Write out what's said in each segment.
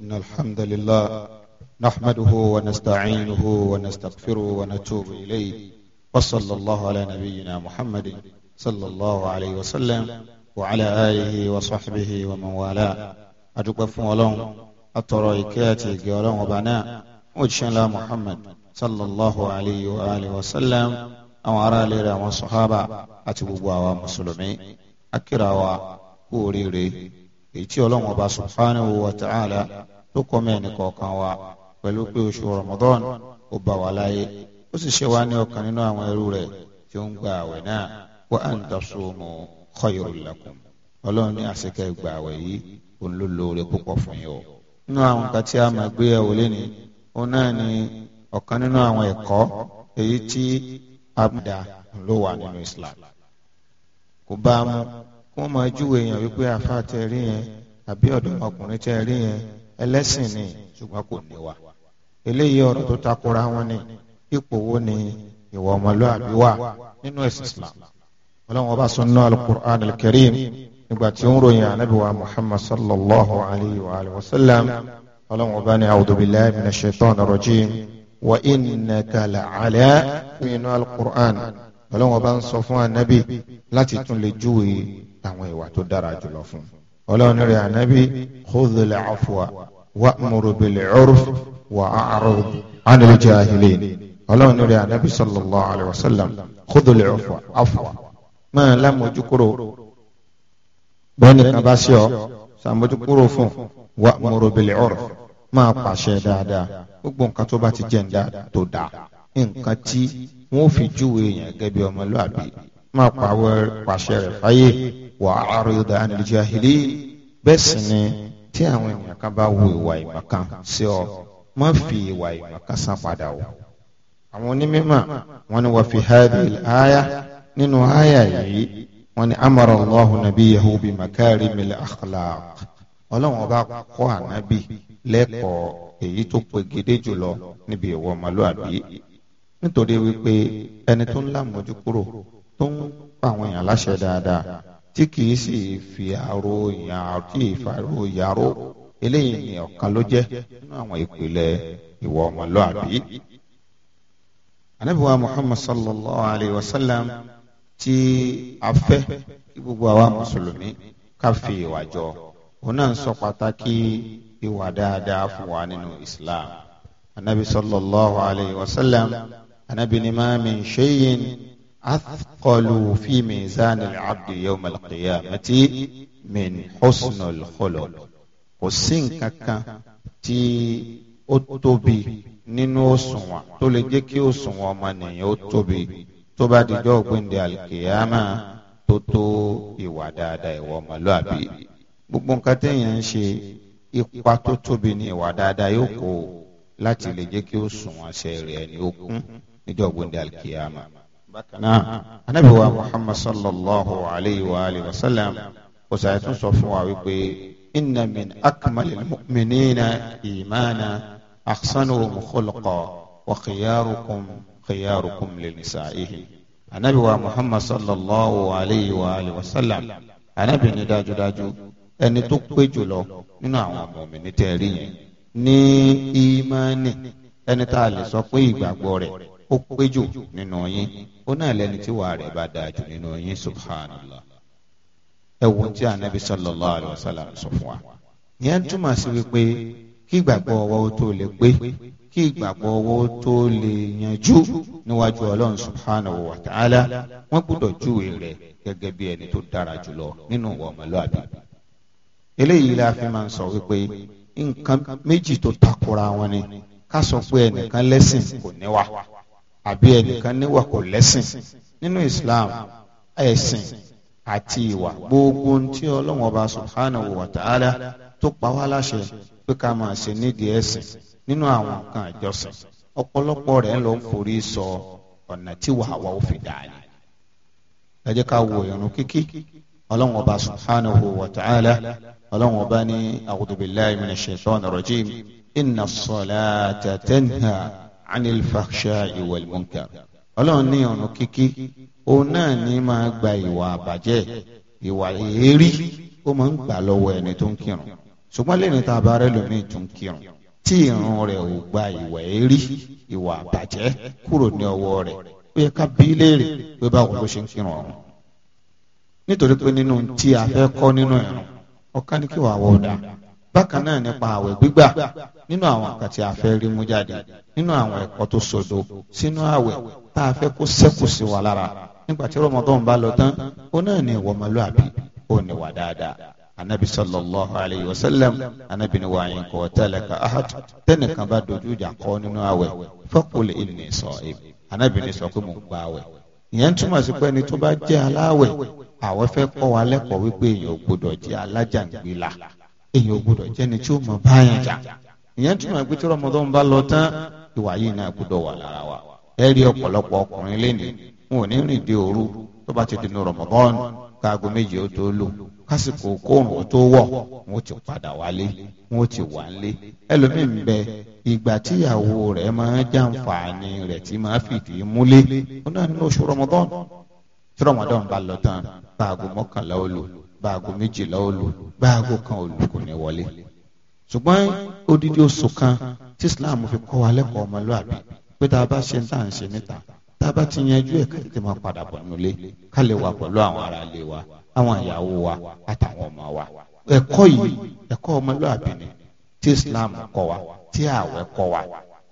إن الحمد لله نحمده ونستعينه ونستغفره ونتوب إليه وصلى الله على نبينا محمد صلى الله عليه وسلم وعلى آله وصحبه ومن والاه أدوك فولون أترويكاتي جولون وبناء وجشن محمد صلى الله عليه وآله وسلم أو أرى لرى وصحابة أتبوا ومسلمين أكرا وكوريري èyí tí ọlọ́run ọba subhanahu wa ta'ala tó kọ́ mẹ́rin kọ̀ọ̀kan wa pẹ̀lú pé oṣù ramadan ó bá wa láyé ó sì ṣe wá ní ọ̀kan nínú àwọn ẹrú rẹ̀ tí ó ń gba àwẹ̀ náà wa an tasumu khayrun lakum ọlọ́run ní àṣekẹ́ ìgbà àwẹ̀ yìí òun ló lóore púpọ̀ fún yín nínú àwọn nǹkan tí a máa gbé ẹ̀wò lẹ́ni òun náà ni ọ̀kan nínú àwọn ẹ̀kọ́ èyí tí abúdá ló wà nínú Islam kò bá a mú kí wọ́n máa júwe èèyàn wípé àfa tẹ rí yẹn àbí ọ̀dọ́mọkùnrin tẹ rí yẹn ẹlẹ́sìn ni ṣùgbọ́n kò ní wa eléyìí ọ̀rọ̀ tó takora wọn ni ipò wo ni ìwà ọmọlúwàbí wà nínú ẹ̀sìn Islam ọlọ́run ọba sọ́nà al-Qur'an al-Karim nígbà tí ó ń ròyìn ànábì wa Muhammad sallallahu alayhi wa alihi wa sallam ọlọ́run ọba ní a'udhu billahi minash shaitanir rajim wa innaka la'ala nínú al ọlọ́run ọba ń sọ fún ànábì láti tún lè júwèé àwọn ìwà tó dára jùlọ fún ọlọ́run rẹ̀ ànábì khudhil afwa wa'mur bil urf wa a'rid 'anil jahilin ọlọ́run rẹ̀ ànábì sallallahu alayhi wa sallam khudhil afwa afwa máa lámójú kúrò bẹ́ẹ̀ni kan bá sí ọ sàmójú fún wa'mur bil urf máa pàṣẹ dáadáa gbogbo nǹkan tó bá ti jẹ́ ńdá tó dáa nǹkan tí wọ́n fi júwe èèyàn gẹ́gẹ́ bí ọmọlúwàbí máa pàṣẹ rẹ̀ fáyé wà á rí ọ̀dà ànìlẹ́jà ilé bẹ́ẹ̀ sì ni tí àwọn èèyàn kan bá wo ìwà ìmọ̀kan sí ọ má fi ìwà ìmọ̀kan san padà o. àwọn onímọ̀ wọn ni wọ́n fi hadhihi al-aya nínú aya yìí wọ́n ni amara Allahu nabiyahu bi makarimil akhlaq ọlọ́run ọba kọ́ ànábì lẹ́kọ̀ọ́ èyí tó pegedé jùlọ níbi ìwọ ọmọlúwàbí nítorí wípé ẹni tó ń lámójú kúrò tó ń pa àwọn èèyàn láṣẹ dáadáa tí kìí sì fi àrò ìyàrò tí ìfàrò ìyàrò eléyìí ni ọ̀kan ló jẹ́ nínú àwọn ìpìlẹ̀ ìwà ọmọlúàbí. anabiwa muhammad sallallahu alayhi wa sallam tí a fẹ́ kí gbogbo àwa mùsùlùmí ká fi ìwà jọ òun náà ń sọ pàtàkì ìwà dáadáa fún wa nínú islam anabi sallallahu alayhi wa sallam anabi ni ma min shay'in. أثقل في ميزان العبد يوم القيامة من حسن الخلق kò sí nǹkan kan tí ó tóbi nínú òṣùwọ̀n tó lè jẹ́ kí òṣùwọ̀n ọmọnìyàn ó tóbi tó bá dijọ́ gbẹ̀ndẹ̀ alikiyama tó tó ìwà dáadáa ìwà ọmọlúàbí gbogbo nǹkan téèyàn ń ṣe ipa tó tóbi ní ìwà dáadáa yóò kó láti lè jẹ́ kí òṣùwọ̀n ṣe rẹ̀ ní ogún níjọ́ gbẹ̀ndẹ̀ alikiyama bákan náà anábì wa muhammad sallallahu alayhi wa alihi wa sallam kò sàyẹ tún sọ fún wa wípé inna min akmalil mu'minina imana ahsanuhum khulqa wa khiyarukum khiyarukum linisaihi anábì wa muhammad sallallahu alayhi wa alihi wa sallam anábì ní dájúdájú ẹni tó pé jùlọ nínú àwọn mùmínì tẹ̀rí yẹn ní ìmánì ẹni tá a lè sọ pé ìgbàgbọ́ rẹ̀ ó pé jù nínú yín ó náà lẹni tí wàá rẹ̀ bá dáa jù nínú yín subhanallah ẹ wo tí anabi sallallahu alayhi wa sallam sọ fún wa ìyẹn túmọ̀ sí wípé kí ìgbàgbọ́ ọwọ́ ó tó lè pé kí ìgbàgbọ́ ọwọ́ ó tó lè yanjú níwájú ọlọ́run subhanahu wa ta'ala wọ́n gbọ́dọ̀ júwe rẹ̀ gẹ́gẹ́ bí ẹni tó dára jùlọ nínú ìwà ọmọlúwàbí eléyìí la fi máa ń sọ wípé nǹkan méjì tó takora wọn ni ká sọ pé ẹnìkan lẹ́sìn kò níwà àbí ẹnìkan níwà kò lẹ́sìn nínú Islam ẹ̀sìn àti ìwà gbogbo tí ọlọ́wọ́n ọba subhanahu wa ta'ala tó pa wá láṣẹ pé ká máa ṣe nídìí ẹ̀sìn nínú àwọn nǹkan àjọsìn ọ̀pọ̀lọpọ̀ rẹ̀ ń lọ ń forí sọ ọ̀nà tí wàhálà ó fi dà ẹ jẹ́ ká wo ìrun kíkí ọlọ́wọ́n ọba subhanahu wa ta'ala ọlọ́wọ́n ọba ní a'udhu billahi minash shaitani rajim inna as-salata tanha. عن fahsha'i wal munkar ọlọ́run ní ọ̀nà kíkí òun náà ní máa gba ìwà àbàjẹ́ ìwà èérí ó máa ń gbà lọ́wọ́ ẹni tó ń kírun ṣùgbọ́n lẹ́ni tá a bá rẹ́ lómi tó ń kírun tí ìrun rẹ̀ ò gba ìwà èérí ìwà àbàjẹ́ kúrò ní ọwọ́ rẹ̀ ó yẹ ká bí léèrè pé báwo ló ṣe ń kírun ọ̀run nítorí pé nínú tí a fẹ́ kọ́ nínú ìrun ọ̀ká wọ̀ dáa bákan náà nípa àwẹ̀ gbígbà nínú àwọn nǹkan tí a fẹ́ rí mú jáde nínú àwọn ẹ̀kọ́ tó sodo sínú àwẹ̀ tá a fẹ́ kó sẹ́kù sí wa lára nígbà tí Ramadan bá lọ tán ó náà ní ìwọ ọmọlúàbí ó ní wà dáadáa anabi sallallahu alayhi wa sallam anabi ni wàá yín kọ́ tẹ́lẹ̀ka ahad tẹ́nìkan bá dojú ìjà kọ́ nínú àwẹ̀ faqul inni sa'im anabi ni sọ pé mo ń gba àwẹ̀ ìyẹn túmọ̀ sí pé ẹni tó bá jẹ́ aláwẹ̀ àwọn fẹ́ kọ́ wa lẹ́kọ̀ọ́ wípé èèyàn gbọdọ̀ jẹ́ alájàngbìlà èyàn ò gbọdọ̀ jẹ́ni tí ó mọ̀ báyàn jà ìyẹn túmọ̀ pé tí rọmọdún bá lọ tán ìwà yìí náà gbọdọ̀ wà lára wa ẹ rí ọ̀pọ̀lọpọ̀ ọkùnrin lẹ́nu wọn ò ní rìn dé òru tó bá ti dunu rọmọdún káago méje ó tó lò kásìkò kóòrùn ó tó wọ̀ wọn ó ti padà wálé wọn ó ti wà nílé ẹlòmíín bẹ ìgbà tíyàwó rẹ̀ máa jàǹfààní rẹ̀ tí máa fìdí múlé ó náà nínú oṣù rọmọdún tí rọmọdún bá lọ tán káago mọ́kànlá ó lò báago méjìlá ó lù báago kan ó lù kò ní wọlé ṣùgbọ́n odidi oṣù kan tí Islam fi kọ́ wa lẹ́kọ̀ọ́ ọmọlúwàbí pé tá a bá ṣe ń tà ń ṣe níta tá a bá ti yanjú ẹ̀ ká tètè máa padà bọ̀ nílé ká lè wà pẹ̀lú àwọn ará ilé wa àwọn ìyàwó wa àtàwọn ọmọ wa ẹ̀kọ́ yìí ẹ̀kọ́ ọmọlúwàbí ni tí Islam kọ́ wa tí ààwẹ̀ kọ́ wa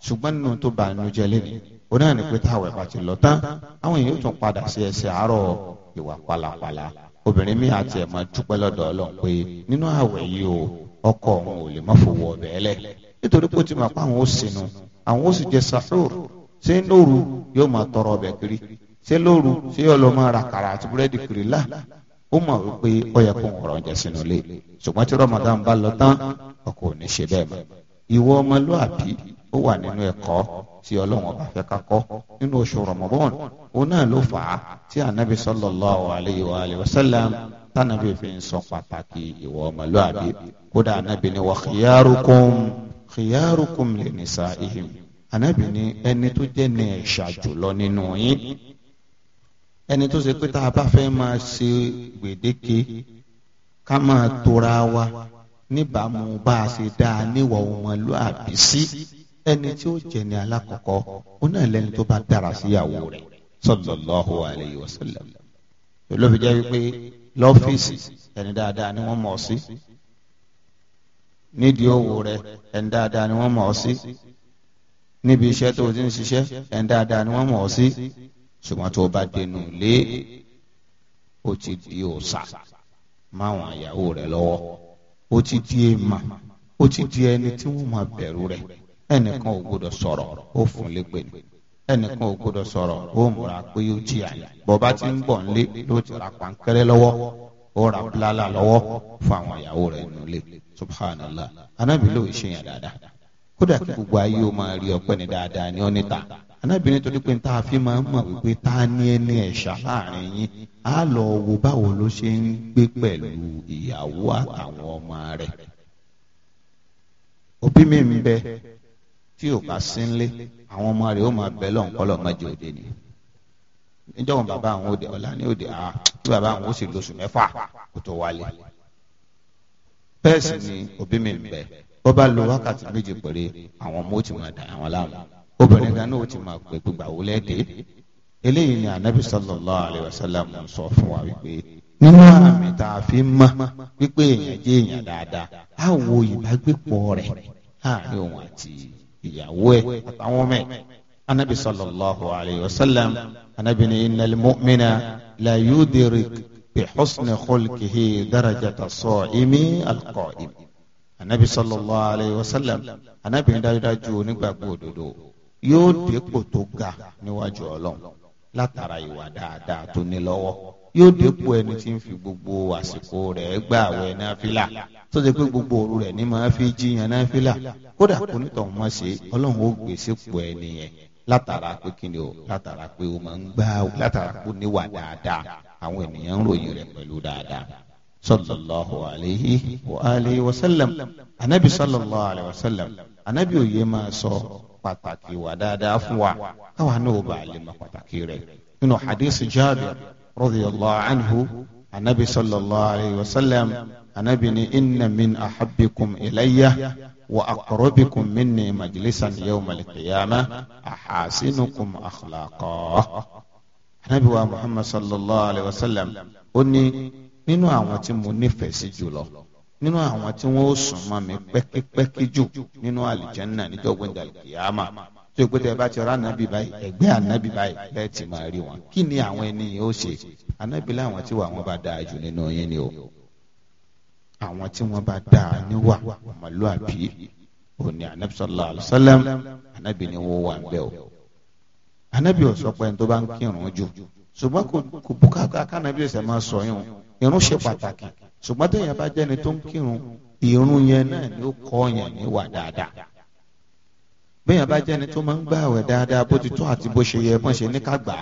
ṣùgbọ́n nínú tó bá inú jẹ lẹ́nu ó náà ní pé táwẹ̀ bá ti lọ tán àwọn èèyàn tún padà sí ẹsẹ̀ àárọ̀ ìwà obìnrin mi àti ẹ̀ máa dúpẹ́ lọ́dọ̀ ọlọ́run pé nínú ààwẹ̀ yìí o ọkọ òun ò lè má fowó ọbẹ̀ ẹlẹ̀ nítorí pé ó ti mọ̀ pé àwọn ó sinú àwọn ó sì jẹ sahur ṣé lóru yóò máa tọrọ ọbẹ̀ kiri ṣé lóru ṣé yóò lọ máa ra kàrà àti búrẹ́dì kiri lá ó mọ̀ wípé ó yẹ kó ń rọ̀ oúnjẹ sínú ilé ṣùgbọ́n tí Ramadan bá lọ tán ọkọ ò ní ṣe bẹ́ẹ̀ mọ́ ìwọ ọmọlúàbí ó wà nínú ẹ̀kọ́ tí Ọlọ́run ọba fẹ́ ká kọ́ nínú oṣù Ramadan òun náà ló fà á tí anabi sallallahu alayhi wa alayhi wa sallam tánàbí fi ń sọ pàtàkì ìwọ ọmọlúwàbí kódà anabi ni wà khiyarukum khiyarukum li nisa'ihim anabi ni ẹni tó jẹ́ ní ẹ̀ṣà jùlọ nínú yín ẹni tó ṣe pé tá a bá fẹ́ máa ṣe gbèdéke ká máa tora wa níbàámu bá a ṣe dáa níwọ̀ ọmọlúwàbí sí. Si ẹni tí ó jẹ ní alákọ̀ọ́kọ́ ó náà lẹni tó bá dára síyàwó rẹ̀ sallallahu alayhi wa sallam olóbi jẹ́ wípé lọ́fíìsì ẹni dáadáa ni wọ́n mọ̀ ọ́ sí nídìí òwò rẹ̀ ẹni dáadáa ni wọ́n mọ̀ ọ́ sí níbi iṣẹ́ tó ti ń ṣiṣẹ́ ẹni dáadáa ni wọ́n mọ̀ ọ́ sí ṣùgbọ́n tó o bá dẹnu lé o ti di òòṣà máwọn àyàwó rẹ̀ lọ́wọ́ o ti di èèmà o ti di ẹni tí wọ́n máa bẹ̀rù rẹ̀ ẹnìkan ò gbọdọ̀ sọ̀rọ̀ ó fún légbè ni ẹnìkan ò gbọdọ̀ ó múra pé yóò jí àyà bọba ti ń bọ̀ nílé ló ti ra pàǹkẹ́rẹ́ lọ́wọ́ ó ra bílálà lọ́wọ́ fún àwọn ìyàwó rẹ̀ nílé subhanallah anábì ló ṣe dáadáa kódà kí gbogbo ayé ó máa rí ọpẹ́ ní dáadáa ní ọ́nìta anábì pé a wo báwo ló ṣe ń gbé pẹ̀lú ìyàwó àtàwọn ọmọ tí ò bá sí ńlé àwọn ọmọ rẹ̀ ó máa bẹ̀ lọ́n kọ́lọ̀ mọ́jọ òde ni níjọ́wọ́n bàbá àwọn òde ọ̀la ní òde àá ah, tí bàbá àwọn ó sì lóṣù mẹ́fà kó tó wálé bẹ́ẹ̀ ni òbí mi ń bẹ̀ bó bá lo wákàtí méjì péré àwọn ọmọ ó ti máa dà àwọn láàmú obìnrin gan náà ó ti máa pè gbígbà wó lẹ́ẹ̀dẹ́ eléyìí ni anabi sallallahu alayhi wa sallam sọ fún wa wípé nínú àmì tá a fi mọ wípé èèyàn jẹ́ èèyàn dáadáa á wo ìbágbépọ̀ rẹ̀ láàrin òun àti ìyàwó ẹ̀ àtàwọn ọmọ ẹ̀ anabi sallallahu alayhi wa sallam anabi ni innal mu'mina la yudrik bi husni khulqihi darajata sa'imi alqa'im anabi sallallahu alayhi wa sallam anabi ni dájúdájú onígbàgbọ́ òdodo yóò dépò tó ga níwájú ọlọ́run látara ìwà dáadáa tó ní lọ́wọ́ yóò dépò ẹni tí ń fi gbogbo àsìkò rẹ̀ gbà wẹ̀ náfìlà tó ṣe pé gbogbo òru rẹ̀ ní máa fi jiyàn náfìlà kódà kò ní tọ̀hún mọ́ ṣe ọlọ́run ó gbèsè pò ẹni yẹn látara pé kí ni o látara pé o máa ń gbà o látara pé o níwà dáadáa àwọn ènìyàn ń ròyìn rẹ̀ pẹ̀lú dáadáa sallallahu alayhi wa alihi wa sallam anabi sallallahu alayhi wa sallam anabi òye máa sọ pàtàkì wà dáadáa fún wa káwa náà ó bàa lè mọ pàtàkì rẹ̀ nínú hadith Jabir radiyallahu anhu anabi sallallahu alayhi wa sallam anabi ni inna min ahabbikum ilayya wa aqrabikum minni majlisan yawmal qiyamah ahasinukum akhlaqa anabi wa muhammad sallallahu alayhi wa sallam ó ní nínú àwọn tí mo nífẹ̀ẹ́ sí jùlọ nínú àwọn tí wọ́n ó sùn mọ́ mi pẹ́kípẹ́kí jù nínú àlìjẹ́nà níjọ́ gbẹ̀dàlùkìyàmà tó gbé tẹ bá ti ọ̀rọ̀ ànábì báyìí ẹ̀gbẹ́ ànábì báyìí bẹ́ẹ̀ ti máa rí wọn kí ni àwọn ẹni yìí ó ṣe ànábì láwọn tí wà wọn bá dáa jù nínú yín ni o àwọn tí wọn bá dáa níwà ọmọlúàbí òní ànábì sallallahu alaihi wasallam ànábì ni wọn wà bẹ́ẹ̀ o ànábì ò sọ pé ẹni tó bá ń kírun jù ṣùgbọ́n kò bùkátà kánábì ẹ̀sẹ̀ máa sọ yún irun ṣe pàtàkì ṣùgbọ́n téèyàn bá jẹ́ni tó ń kírun irun yẹn náà ni ó kọ́ yẹn níwà dáadáa bẹ́ẹ̀ bá jẹ́ni tó máa ń gba àwẹ̀ dáadáa bó ti tó àti bó ṣe yẹ bọ́n ṣe ní ká gbà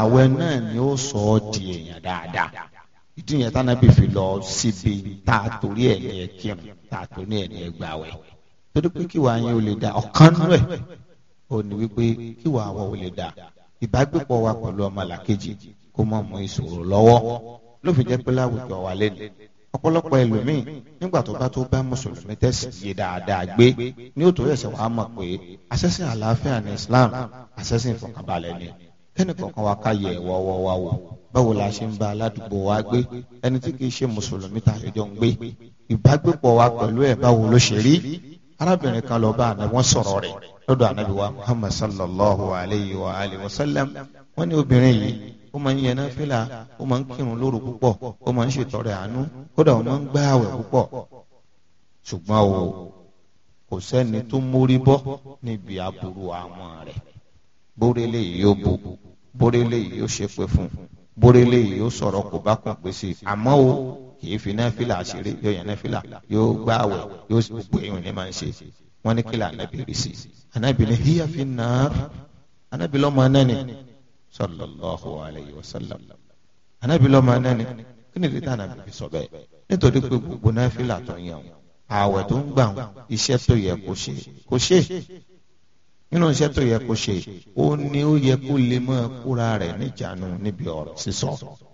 àwẹ̀ náà ni ó sọ ọ́ di èèyàn dáadáa ìdí yẹn tánàbí fi lọ síbi tá a torí ẹ̀ ní ẹ kírun tá a torí ẹ̀ ní ẹ gbà wẹ̀ torí pé kí wàá yẹn ò lè da ọ̀kan nú ẹ̀ ò ní wípé kí wàá wọ̀ ò lè da ìbágbépọ̀ wa pẹ̀lú ọmọlàkejì kó mọ̀ mọ́ ìṣòro lọ́wọ́ ló fi jẹ́ pé láwùjọ wa lẹ́nu ọ̀pọ̀lọpọ̀ ẹlòmíì nígbà tó bá tó bá mùsùlùmí tẹ̀sí yé dáadáa gbé ní òtò ẹ̀sẹ̀ wàá mọ̀ pé àṣẹ̀sìn àlàáfíà ní Islam àṣẹ̀sìn ìfọ̀kànbalẹ̀ ni kẹ́ni kọ̀ọ̀kan wa ká yẹ ẹ̀wọ̀ ọwọ́ wa wò báwo la ṣe ń bá aládùúgbò wa gbé ẹni tí kì í ṣe mùsùlùmí tá a jọ ń gbé ìbágbépọ̀ wa pẹ̀lú ẹ̀ báwo ló ṣe rí arábìnrin kan lọ bá ànábi wọn sọ̀rọ̀ rẹ̀ lọ́dọ̀ ànábi Muhammad sallallahu alayhi wa alayhi wa sallam wọ́n ní ó máa ń yẹn náfìlà ó máa ń kírun lóru púpọ̀ ó máa ń ṣètọrẹ àánú kódà ó máa ń gbààwẹ̀ púpọ̀ ṣùgbọ́n o kò sẹ́ni tó mórí bọ́ níbi aburú àwọn rẹ̀ bórélé yìí yóò bo bórélé yìí yóò ṣe pé fún bórélé yìí yóò sọ̀rọ̀ kò bá kàn pé sí i àmọ́ o kìí fi náfìlà ṣeré yóò yẹn náfìlà yóò gbààwẹ̀ yóò gbogbo èèyàn ní máa ń ṣe wọn ní kílà ànábì rí sí i ànábì ní híyàfin náà ànábì lọ́mọ náà sallallahu alayhi wa sallam anabi lọ́mọ anani kí ni lítà anabi fi sọ bẹ́ẹ̀ nítorí pé gbogbo náfìlà tó ń yàn ààwẹ̀ tó ń gbà ń iṣẹ́ tó yẹ kó ṣe kó ṣe nínú iṣẹ́ tó yẹ kó ṣe ó ní ó yẹ kó lè mọ́ kúra rẹ̀ níjànú níbi ọ̀rọ̀ sísọ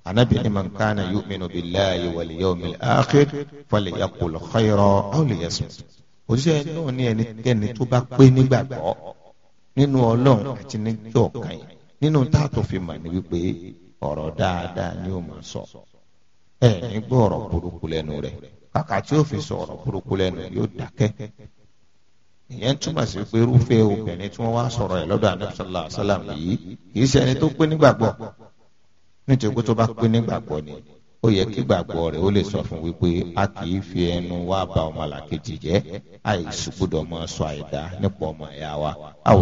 anabi ni man kana yu'minu billahi wal yawmil akhir falyaqul khayra aw liyasmut òṣìṣẹ́ náà ní ẹnikẹ́ni tó bá pé nígbàgbọ́ nínú ọlọ́run àti níjọ́ kan yìí nínú tá a tó fi mà ní wípé ọ̀rọ̀ dáadáa ni ó máa sọ ẹ ní gbọ́ ọ̀rọ̀ burúkú lẹ́nu rẹ̀ kàkà tí ó fi sọ ọ̀rọ̀ burúkú lẹ́nu yóò dákẹ́ ìyẹn túmọ̀ sí pé irúfẹ́ obìnrin tí wọ́n wá sọ̀rọ̀ ẹ̀ lọ́dọ̀ Ànábì sallallahu yìí kì í ṣe ẹni tó pé nígbàgbọ́ nítorí pé tó bá pé nígbàgbọ́ ni ó yẹ kí gbàgbọ́ rẹ̀ ó lè sọ fún wípé a kì í fi ẹnu wá ba ọmọ làkejì jẹ́ àìsí gbọ́dọ̀ máa sọ àìdá nípa ọmọ ẹ̀yà wa a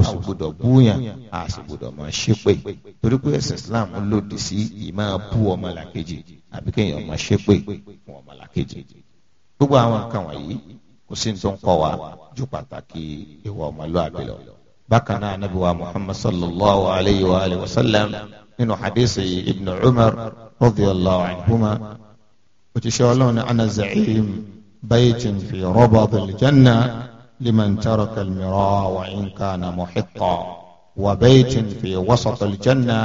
búyàn a sì ṣépè torí pé ẹ̀sìn Islam lòdì sí ìmáa bú ọmọ làkejì àbí kéèyàn máa ṣépè fún ọmọ làkejì gbogbo àwọn nǹkan wọ̀nyí kò sí ní tó ń kọ́ wa ju pàtàkì ìwà ọmọlúwàbí lọ bákan náà Ànábì Muhammad sallallahu alayhi wa alihi wa sallam nínú hadisi Ibn Umar رضي الله عنهما وتشاولون عن الزعيم بيت في ربض الجنة لمن ترك المراء وإن كان محقا وبيت في وسط الجنة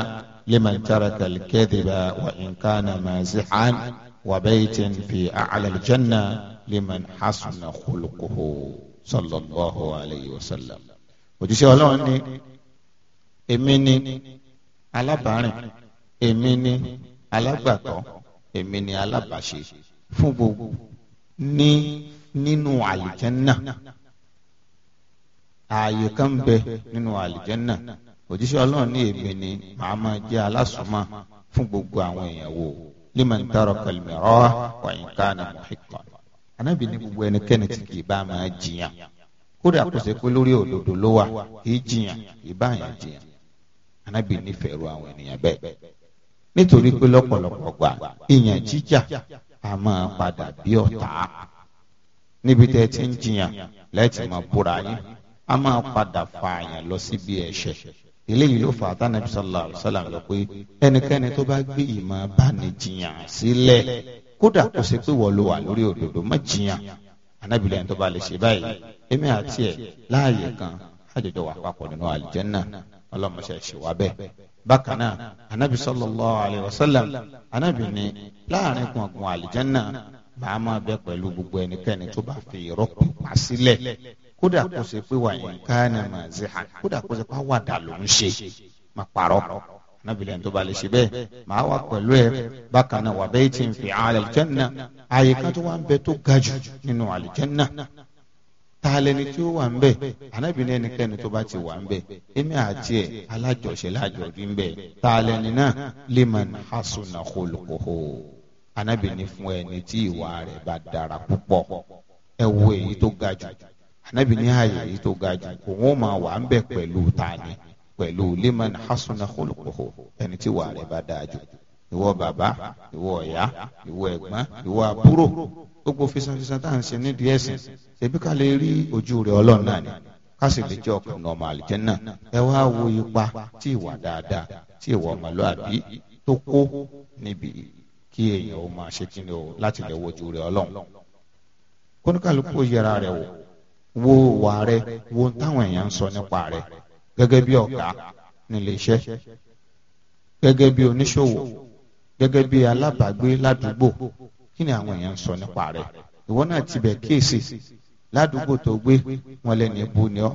لمن ترك الكذب وإن كان مازحا وبيت في أعلى الجنة لمن حسن خلقه صلى الله عليه وسلم وتشاولون إمني على بارك إمني alágbàtọ́ èmi ni alábàṣe fún gbogbo ní nínú àlìjẹ́nà ààyè kan bẹ nínú àlìjẹ́nà òjíṣẹ́ ọlọ́run ní èmi ni màá máa jẹ́ alásùnmọ́ fún gbogbo àwọn èèyàn wò liman taraka al-mira'a wa in kana ana anábì ní gbogbo ẹnikẹ́ni tí kì í bá máa jiyàn kódà kò ṣe pé lórí òdodo ló wà kì í jiyàn kì í bá àyàn jiyàn anábì nífẹ̀ẹ́ ru àwọn ènìyàn nítorí pé lọ́pọ̀lọpọ̀ gbà ìyàn jíjà a máa padà bí ọ̀tá níbi tẹ́ ti ń jiyàn lẹ́tì máa búra yín a máa padà fa àyàn lọ síbi ẹ̀ṣẹ̀ eléyìí ló fà á tánà bí sallallahu alaihi wasallam lọ pé ẹnikẹ́ni tó bá gbé ìmọ̀ báni jiyàn sílẹ̀ kódà kò sí pé wọ́n ló wà lórí òdodo má jiyàn anábìlẹ̀ tó bá lè ṣe báyìí èmi àti ẹ̀ láàyè kan àjọjọ wà papọ̀ nínú àlìjẹ́nnà ọlọ́mọṣẹ́ ṣe wá bẹ́ẹ̀ bákan náà anabi sallallahu alayhi wa sallam anabi ni láàrin gbọ̀ngàn àlìjánná màá máa bẹ pẹ̀lú gbogbo ẹnikẹ́ni tó bá fi ìrọ́pò pa sílẹ̀ kódà kó ṣe pé wà yín káàní mà zi hàn kódà kó ṣe pé àwàdà ló ń ṣe má parọ́ anabilẹ̀ tó bá lè ṣe bẹ́ẹ̀ màá wà pẹ̀lú ẹ bákan wà bẹ́ẹ̀ tí ń fi àlìjánná àyè kan tó ń bẹ tó ga nínú àlìjánná ta lẹni tí ó wà ń bẹ Ànábì ní ẹnikẹ́ni tó bá ti wà ń bẹ èmi àti ẹ alájọṣe lájọbí ń bẹ ta náà liman hasuna khuluquhu Ànábì ní fún ẹni tí ìwà rẹ̀ bá dára púpọ̀ ẹ wo èyí tó ga jù Ànábì ààyè èyí tó ga jù òun ó máa wà ń bẹ pẹ̀lú tani pẹ̀lú liman hasuna khuluquhu ẹni tí ìwà rẹ̀ bá dáa jù ìwọ baba, ìwọ ọ̀yá ìwọ ẹ̀gbọ́n ìwọ àbúrò gbogbo fisanfisan tá à ń ṣe nídìí ẹ̀sìn ṣèbí ká lè rí ojú rẹ̀ ọlọ́run náà ni ká sì lè jẹ́ ọkùnrin ọmọ àlìjẹ́nà ẹ wá wo ipa tí ìwà dáadáa tí ìwà ọmọlúàbí tó kó níbi kí èèyàn ó máa ṣe kíni o láti lè wojú rẹ̀ ọlọ́run kóníkàlùkù yẹra rẹ̀ wò wo wà rẹ̀ wo táwọn èèyàn ń sọ nípa rẹ̀ gẹ́gẹ́ bí ọ̀gá nílé iṣẹ́ gẹ́gẹ́ bí oníṣòwò gẹ́gẹ́ bí alábàágbé ládùúgbò kí ni àwọn èèyàn ń sọ nípa rẹ̀ ìwọ náà ti bẹ̀ kíyèsí ládùúgbò tó gbé wọn lẹ́nu ibu ni ọ́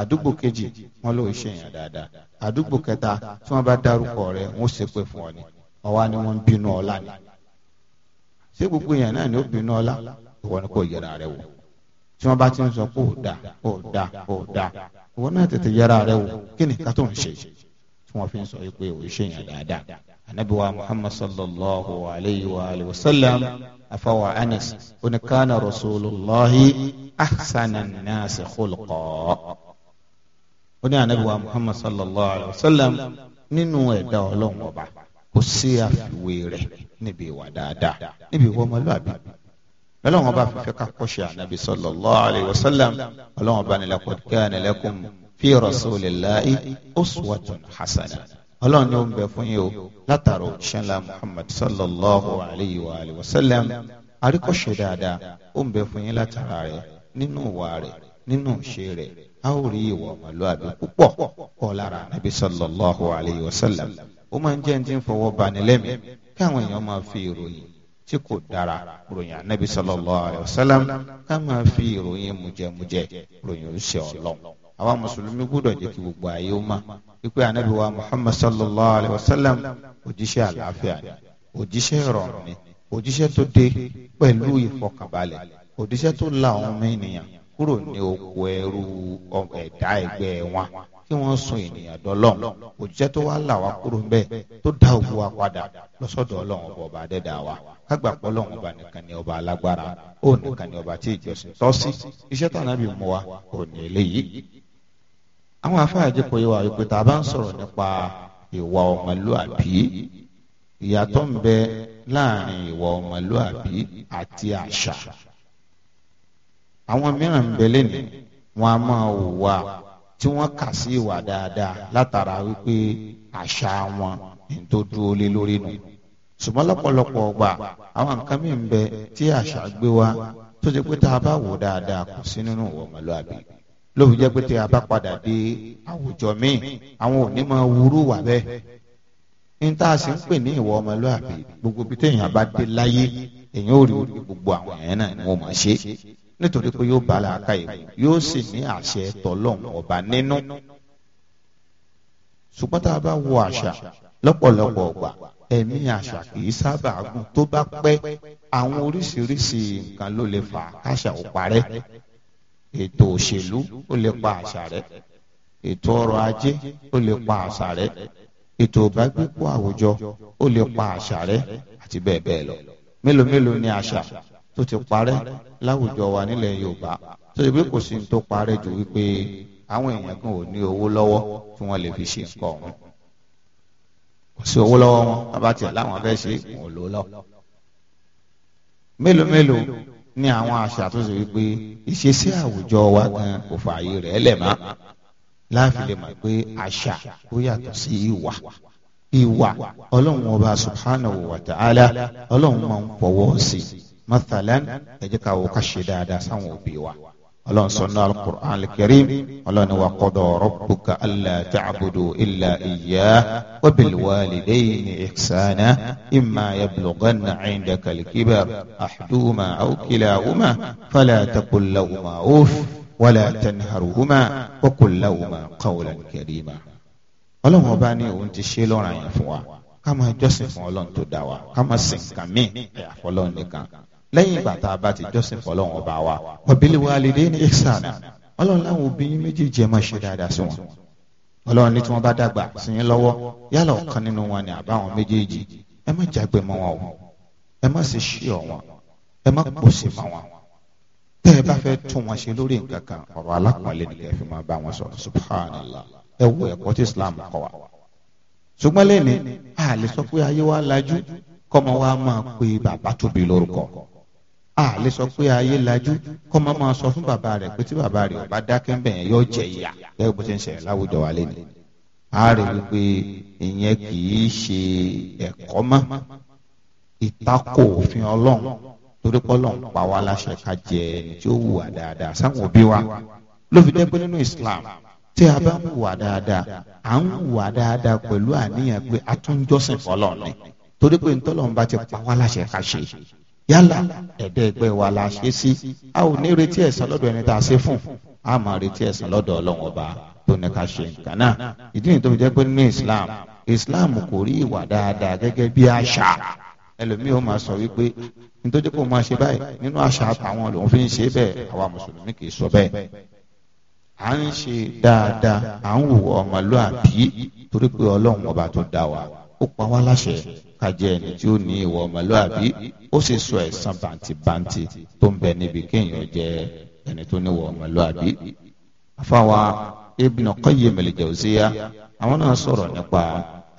àdúgbò kejì wọn ló ṣe èèyàn dáadáa àdúgbò kẹta tí wọn bá dárúkọ rẹ̀ wọn ó ṣépè fún ọ ni ọwọ́ ni wọ́n ń bínú ọlá ni ṣé gbogbo èèyàn náà ni ó bínú ọlá ìwọ ni kò yẹra rẹ wò tí wọn bá ti ń sọ kó o da kó o da kó o da ìwọ náà tètè yẹra rẹ wò kí ni ká tó ń ṣe tí wọn fi ń sọ pé òun ṣe èèyàn dáadáa anabiwa muhammad sallallahu alayhi wa alayhi wa sallam afawa anas onikana rasulillahi ahsanan naasi khulqa oni anabiwa muhammad sallallahu alayhi wa sallam nínú ẹ̀dá Ọlọ́run ọba kò sí àfiwé rẹ̀ níbi ìwà dáadáa níbi ìwà ọmọlúwàbí Ọlọ́run ọba fífẹ ká kọ́ṣe anabi sallallahu alayhi wa sallam Ọlọ́run ọba ni laqad kana lakum fi rasulillahi uswatun hasana ọlọ́run ni ó ń bẹ fún yín o látara òjíṣẹ́ ńlá muhammad sallallahu alayhi wa alayhi wa sallam àríkọ́ṣe dáadáa ó ń bẹ fún yín látara rẹ̀ nínú ìwà rẹ̀ nínú ìṣe rẹ̀ a ó rí ìwà ọmọlúwàbí púpọ̀ pọ̀ lára nàbí sallallahu alayhi wa sallam ó máa ń jẹ́ ẹni tí ń fọwọ́ bani kí àwọn èèyàn máa fi ìròyìn tí kò dára ròyìn ànábì sallallahu alayhi wa sallam ká máa fi ìròyìn mùjẹmùjẹ ròyìn oríṣi ọlọ́run àwa mùsùlùmí gbúdọ̀ jẹ́ kí gbogbo ayé ó mọ̀ wípé anabi wa muhammad sallallahu alayhi wa sallam òjíṣẹ́ àlàáfíà ni òjíṣẹ́ ìrọ̀rùn ni òjíṣẹ́ tó dé pẹ̀lú ìfọkànbalẹ̀ òjíṣẹ́ tó la àwọn ọmọ ènìyàn kúrò ní oko ẹrú ẹ̀dá ẹgbẹ́ wọn kí wọ́n sun ènìyàn dọ́lọ́ òjíṣẹ́ tó wá là wá kúrò ńbẹ́ tó dá òkú wa padà lọ́sọ̀dọ̀ ọlọ́run ọba ọba wa kágbàpọ̀ ọlọ́run ọba nìkan ni ọba alágbára ó nìkan ni ọba tí ìjọsìn tọ́ sí iṣẹ́ tó ànábì mú wa ò ní eléyìí àwọn afáàjẹ kò yẹ wà wípé tá a bá ń sọ̀rọ̀ nípa ìwà ọmọlúàbí ìyàtọ̀ ń bẹ láàrin ìwà ọmọlúàbí àti àṣà àwọn mìíràn ń bẹ lẹ́nu wọn a máa wà tí wọ́n kà sí ìwà dáadáa látara wípé àṣà wọn ní tó dúró lé lórí nù ṣùgbọ́n lọ́pọ̀lọpọ̀ ọgbà àwọn nǹkan mìíràn ń bẹ tí àṣà gbé wa tó ṣe pé tá a bá wò dáadáa kò sí nínú ìwà ọmọlúàbí ló fi jẹ́ pé tẹ abá padà dé àwùjọ míì àwọn òní máa wúrú wà bẹ́ẹ̀ ní tá a sì ń pè ní ìwọ ọmọlúwàbí gbogbo bí téèyàn bá dé láyé èyàn ò rí orí gbogbo àwọn èèyàn náà ni wọ́n máa ṣe nítorí pé yóò bá a láàka ìwé yóò sì ní àṣẹ tọlọ́hún ọba nínú ṣùgbọ́n tá a bá wo àṣà lọ́pọ̀lọpọ̀ ọ̀gbà ẹ̀mí àṣà kìí sábà gùn tó bá pẹ́ àwọn oríṣiríṣi nǹkan ló lè fà á káṣà ò parẹ́ ètò òṣèlú ó lè pa àṣà rẹ ètò ọrọ̀ ajé ó lè pa àṣà rẹ ètò ìbágbépọ̀ àwùjọ ó lè pa àṣà rẹ àti bẹ́ẹ̀ bẹ́ẹ̀ lọ mélòó mélòó ni àṣà tó ti parẹ́ láwùjọ wa nílẹ̀ Yorùbá tó ti pé kò sí ní tó parẹ́ ju wípé àwọn èèyàn kan ò ní owó lọ́wọ́ tí wọ́n lè fi ṣe nǹkan ọ̀hún kò sí owó lọ́wọ́ wọn bá láwọn fẹ́ ṣe wọn ò lọ mélòó mélòó ní àwọn àṣà tó ṣe wípé ìṣesí àwùjọ wa gan kò fààyè rẹ̀ lẹ́mọ́ láàfin lè mọ̀ pé àṣà ó yàtọ̀ sí ìwà ìwà ọlọ́run ọba subhanahu wa ta'ala ọlọ́run máa ń fọwọ́ sí i mathalan ẹ ká ṣe dáadáa sáwọn òbí wa ọlọ́run sọ náà alukur'an alkarim ọlọ́run wa qada rabbuka alla ta'budu illa iyyah wa bil walidayni ihsana imma yablughanna 'indaka al-kibar ahaduhuma aw kilahuma fala taqul lahuma uff wala tanharhuma wa qul lahuma qawlan karima ọlọ́run ọba ní òun ti ṣe lọ́ranyàn fún wa ká jọ́sìn fún ọlọ́run tó dá wa ká sìn kàmí ẹ̀yà fọlọ́run nìkan lẹ́yìn ìgbà tá a bá ti jọ́sìn fọlọ́run ọba wa wabil walidaini ihsana ọlọ́run láwọn òbí yín méjèèjì ẹ máa ṣe dáadáa sí wọn ọlọ́run ní tí wọ́n bá dàgbà sí yín lọ́wọ́ yálà ọ̀kan nínú wọn ni àbáwọn méjèèjì ẹ má jágbe mọ́ wọn o ẹ má sì ṣí ọ̀ wọn ẹ má pòsè mọ́ wọn tẹ́ ẹ bá fẹ́ tún wọn ṣe lórí nǹkan kan ọ̀rọ̀ alákọ̀ọ́lẹ̀ nìkẹ́ fi máa bá wọn sọ̀rọ̀ subhanallah ẹ wo ẹ̀kọ́ a lè sọ pé ayé lajú kọ́ máa máa sọ fún bàbá rẹ̀ pé tí bàbá rẹ̀ ò bá dákẹ́ ń bẹ̀yẹn yóò jẹ ìyà gẹ́gẹ́ bó ṣe ń ṣẹlẹ̀ láwùjọ wa lẹ́nu a rè wípé ìyẹn kì í ṣe ẹ̀kọ́ mọ́ ìtakò òfin ọlọ́run torí pọ́lọ́n pa wá láṣẹ ká jẹ ẹni tí ó wùwà dáadáa sáwọn òbí wa ló fi dẹ́gbẹ́ nínú Islam tí a bá ń wùwà dáadáa à ń wùwà dáadáa pẹ̀lú àníyàn pé a fọlọ́ọ̀ni torí pé ntọ́lọ́run yálà ẹ̀dẹ́ ẹgbẹ́ wa la ṣe sí a ò ní retí ẹ̀san lọ́dọ̀ ẹni tá a ṣe fún a máa retí ẹ̀san lọ́dọ̀ ọlọ́run ọba tó ní ká ṣe nǹkan náà ìdí nìyí tó fi jẹ́ pé nínú Islam Islam kò rí ìwà dáadáa gẹ́gẹ́ bí àṣà ẹlòmíì ó máa sọ wípé nítorí kó máa ṣe báyìí nínú àṣà àtàwọn lòun fi ń ṣe bẹ́ẹ̀ àwa mùsùlùmí kì í sọ bẹ́ẹ̀ à ń ṣe dáadáa à ń wù ọmọlúàbí torí pé ọlọ́run ọba tó dá wa ó pa wá láṣẹ kájẹ́ ẹni tí ó ní ìwà ọmọlúwàbí ó sì sọ ẹ̀san bàǹtìbàǹtì tó ń bẹ níbi kéèyàn jẹ́ ẹni tó ní ìwà ọmọlúwàbí. àfàwà Ibn Qayyim al-Jawziya àwọn náà sọ̀rọ̀ nípa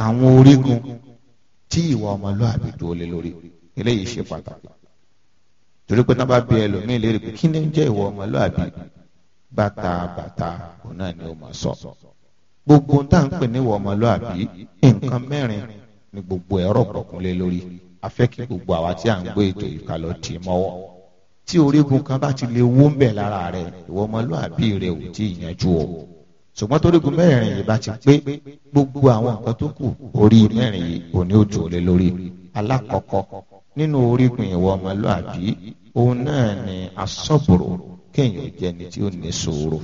àwọn orígun tí ìwà ọmọlúwàbí dúró lé lórí eléyìí ṣe pàtàkì torí pé náà bá bí ẹlòmíín lérí pé kí ni ń jẹ́ ọmọlúwàbí bàtà bàtà òun náà ni ó máa sọ gbogbo táà ń pè ní ìwà ọmọlúwàbí nǹkan mẹ́rin ní gbogbo ẹ̀rọ gbọ̀kúnlé lórí afẹ́ kí gbogbo àwa tí à ń gbé ètò ìkàlọ́ tì mọ́wọ́ tí orígun kan bá ti lè wó ń bẹ̀ lára rẹ̀ ìwọ ọmọlúàbí rẹ̀ ò tí ì yanjú o ṣùgbọ́n torígun mẹ́rin yìí bá ti pé gbogbo àwọn nǹkan tó kù orí mẹ́rin yìí ò ní òjò lé lórí alákọ̀ọ́kọ́ nínú orígun ìwọ ọmọlúàbí òun náà ni asọ́bùrù kéèyàn jẹni tí ó ní sùúrù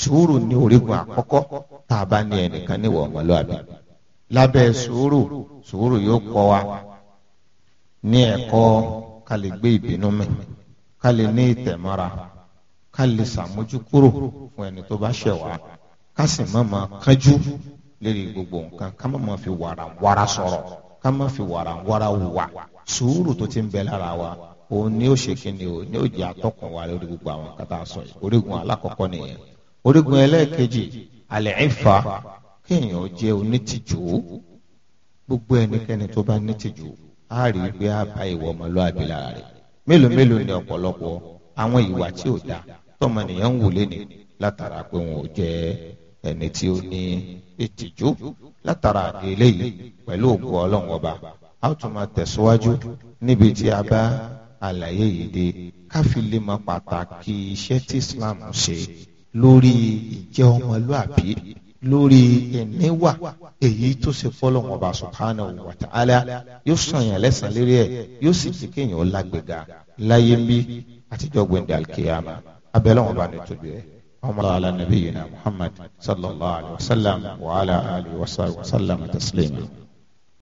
sùúrù ní orígun àkọ́kọ́ tá a bá ní ẹnìkan níwọ̀ ọmọlúàbí lábẹ́ sùúrù sùúrù yóò kọ́ wa ní ẹ̀kọ́ ká lè gbé ìbínú mì ká lè ní ìtẹ̀mọ́ra ká lè sàmójúkúrò fún ẹni tó bá ṣẹ̀ wá ká sì má máa kánjú lérí gbogbo nǹkan ká má máa fi wàràwàrà sọ̀rọ̀ ká má fi wàràwàrà wùwà sùúrù tó ti ń bẹ lára wa òun ni ó ṣe kíni o ni ó jẹ atọ́kùn wa lórí gbogbo àwọn kata sọ yìí orígun alákọ̀ọ́kọ́ nìyẹn orígun ẹlẹ́ẹ̀kejì alẹ́ ìfà kéèyàn jẹ́ onítìjú gbogbo ẹnikẹ́ni tó bá nítìjú á rí i pé á bá ìwọ ọmọlúwàbí lára rẹ̀ mélòó mélòó ni ọ̀pọ̀lọpọ̀ àwọn ìwà tí ò dáa tọmọnìyàn ń wò léni látara pé wọn ò jẹ́ ẹni tí ó ní ìtìjú látara àdéhélé yìí pẹ̀lú ògùn ọlọ́run ọba a ó tún máa tẹ̀síwájú níbi tí a bá àlàyé yìí dé káfí lè mọ pàtàkì iṣẹ́ tí Islam ṣe lórí ìjẹ́ ọmọlúàbí lórí ìníwà èyí tó ṣe fọlọ́ wọn bá subhanahu wa ta'ala yóò sànyàn lẹ́sàn lérí ẹ̀ yóò sì ti kéèyàn lágbèga láyé ń bí àtijọ́ gbẹ̀ndẹ̀ alkiyama abẹ́lẹ́ wọn bá ní tóbi ẹ̀. اللهم صل على نبينا محمد صلى الله عليه وسلم وعلى آله وصحبه وسلم تسليما